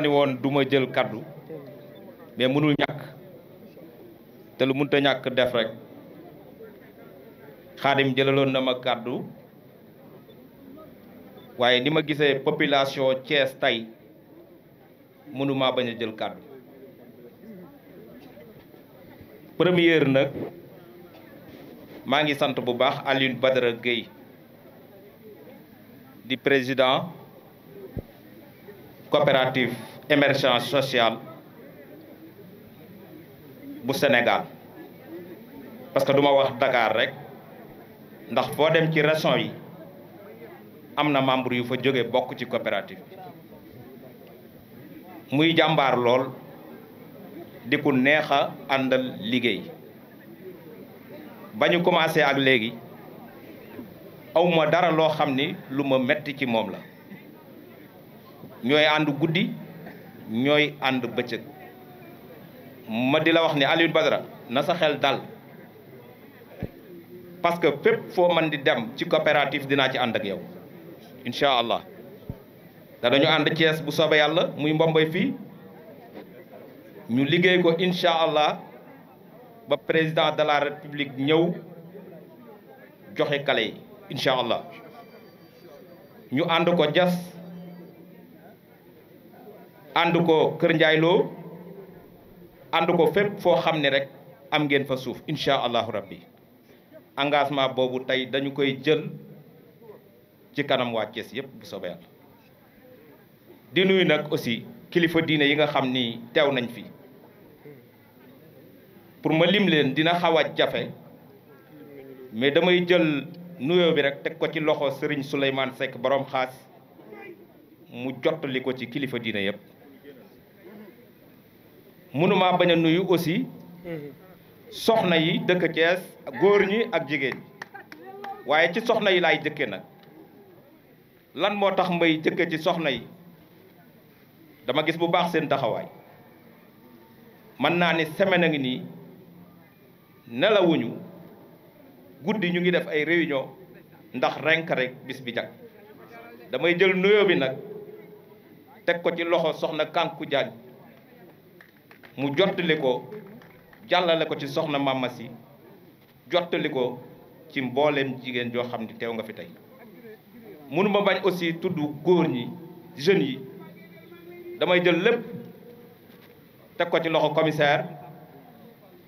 ni won duma jël kaddu mais mënul ñak té lu mënta ñak def rek xadim jëlalon na ma kaddu waye nima gisé population Thiès tay mënuma baña jël kaddu premier nak ma ngi sante bu baax aliou Badara geey di président coopérative émergence sociale bu senegal parce que du wax dakaar rek ndax foo dem ci région yi am na membre yu fa jóge bokk ci coopérative muy jàmbaar lool di ku neex a àndal liggéey ba ñu commencé ak léegi awma dara loo xam ni lu ma metti ci moom la ñoy and guddi ñoy and beccëk ma di la wax ni aliou Badara na sa xel dal parce que fep fo man di dem ci coopérative dina ci and ak yow da allah and ci es bu soba yalla muy mbombay fi ñu liggéey ko inshallah allah ba président de la république ñew joxe kale inshallah ñu and ko jass ànd ko Kër njaayloo Lo ànd ko fépp foo xam ne rek am ngeen fa suuf incha allahu rabbi engagement boobu tey dañu koy jël ci kanam waa Thiès yëpp bu soobee di nuyu nag aussi kilifa diine yi nga xam ni teew nañ fi pour ma lim leen dina xawaat jafe mais damay jël nuyoo bi rek teg ko ci loxo Serigne Souleymane Seck boroom xaas mu jottali ko ci kilifa diine yëpp. mënumaa bañ a nuyu aussi soxna yi dëkk Thiès góor ñi ak jigéen ñi waaye ci soxna yi laay jëkke nag lan moo tax may jëkke ci soxna yi dama gis bu baax seen taxawaay mën naa ni semaine a ngi nii nelawuñu guddi ñu ngi def ay réunion ndax renk rek bis bi jag damay jël nuyoo bi nag teg ko ci loxo soxna Kanku Diagne mu jottali ko jàllale ko ci soxna Mama jottali ko ci mbooleem jigéen joo xam ni teew nga fi tey mënuma bañ aussi tudd góor ñi jeunes yi damay jël lépp teg ko ci loxo commissaire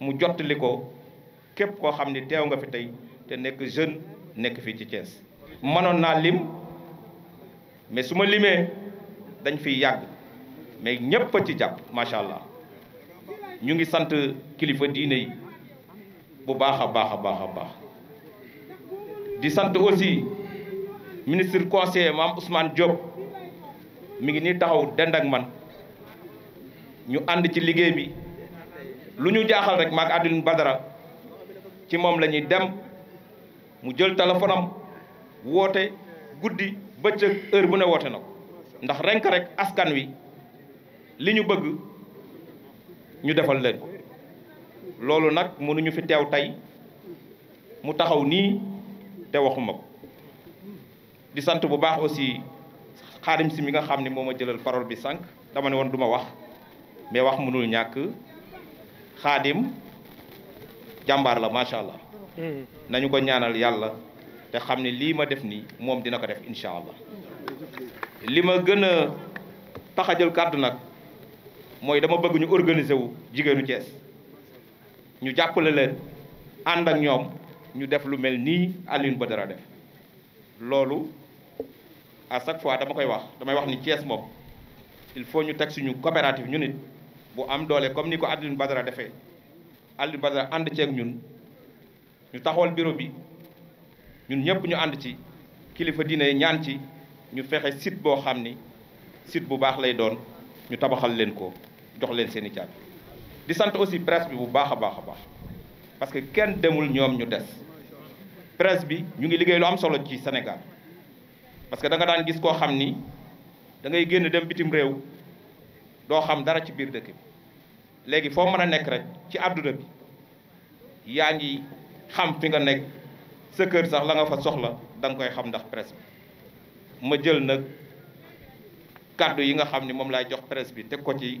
mu jottali ko képp koo xam ni teew nga fi tey te nekk jeune nekk fii ci Thiès. manoon naa lim mais su ma limee dañ fi yàgg mais ñëpp ci jàpp macha allah. ñu ngi sant kilifa diine yi bu baax a baax a baax a baax di sant aussi ministre conseiller maam Ousmane Diop mu ngi nii taxaw dend ak man ñu ànd ci liggéey bi lu ñu jaaxal rek maag Adeline Badara ci moom la ñuy dem mu jël téléphone woote guddi bëccëg heure bu ne woote nag ndax renk rek askan wi li ñu bëgg. ñu defal leen ko loolu nag mënuñu fi teew tey mu taxaw nii te waxuma ko di sant bu baax aussi xaadim si mi nga xam ne moo jëlal parole bi sànq dama ne woon duma wax mais wax mënul ñàkk xaadim jàmbaar la macha allah nañu ko ñaanal yàlla te xam ne lii ma def nii moom dina ko def incha allah li ma gën a kàddu nag mooy dama bëgg ñu organiser wu jigéenu Thiès ñu jàppale leen ànd ak ñoom ñu def lu mel nii ba dara def loolu à chaque fois dama koy wax damay wax ni cees moom il faut ñu teg suñu coopérative ñu nit bu am doole comme ni ko Alioune Badara defee Alioune Badara ànd ceeg ñun ñu taxawal bureau bi ñun ñëpp ñu ànd ci kilifa diine ñaan ci ñu fexe site boo xam ni site bu baax lay doon ñu tabaxal leen ko jox leen seen i caabi di sant aussi presse bi bu baax a baax a baax parce que kenn demul ñoom ñu des presse bi ñu ngi liggéey lu am solo ci senegal parce que da nga daan gis koo xam ni da ngay génn dem bitim réew doo xam dara ci biir dëkk bi léegi foo mën a nekk rek ci àdduna bi yaa ngi xam fi nga nekk sa kër sax la nga fa soxla da nga koy xam ndax presse bi ma jël nag kàddu yi nga xam ni moom laay jox presse bi teg ko ci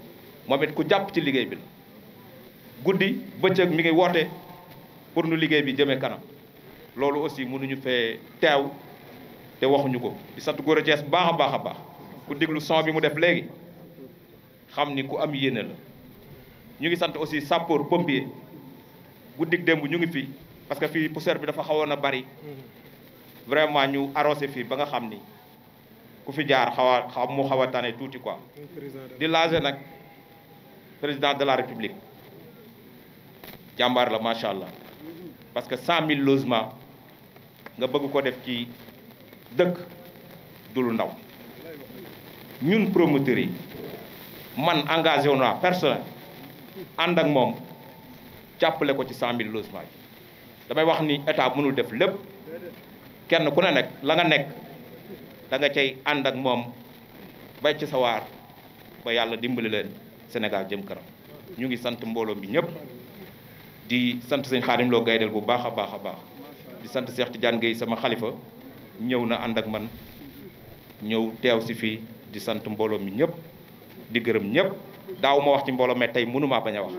moom it ku jàpp ci liggéey bi la guddi bëccëg mi ngi woote pour nu liggéey bi jëmee kanam loolu aussi mënuñu fee teew te waxuñu ko di sant góor a baax a baax a baax ku diglu son bi mu def léegi xam ni ku am yéene la ñu ngi sant aussi sapeur pompier guddik démb ñu ngi fi parce que fii poussière bi dafa xawoon a bari vraiment ñu arrosé fii ba nga xam ni ku fi jaar xaw a xaw mu xaw a tane tuuti quoi di laajé nag président de la république jàmbaar la macha allah parce que cent mille logements nga bëgg ko def ci dëkk du lu ndaw ñun promoteurs yi man engagé wu naa personnel ànd ak moom jàppale ko ci cent mille logements yi damay wax ni état mënul def lépp kenn ku ne nekk la nga nekk da nga cay ànd ak moom bay ci sawaar ba yàlla dimbali leen Sénégal jëm kanam ñu ngi sant mbooloo mi ñëpp di sant sëñ Xaadim Lo Gaydel bu baax a baax a baax di sant Cheikh Tidiane Gueye sama xalifa ñëw na ànd ak man ñëw teew si fii di sant mbooloo mi ñëpp di gërëm ñëpp daaw ma wax ci mbooloo mais tey mënumaa bañ a wax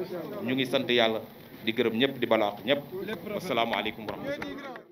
ñu ngi sant yàlla di gërëm ñëpp di balaax ñëpp asalaamaaleykum wa rahmatulah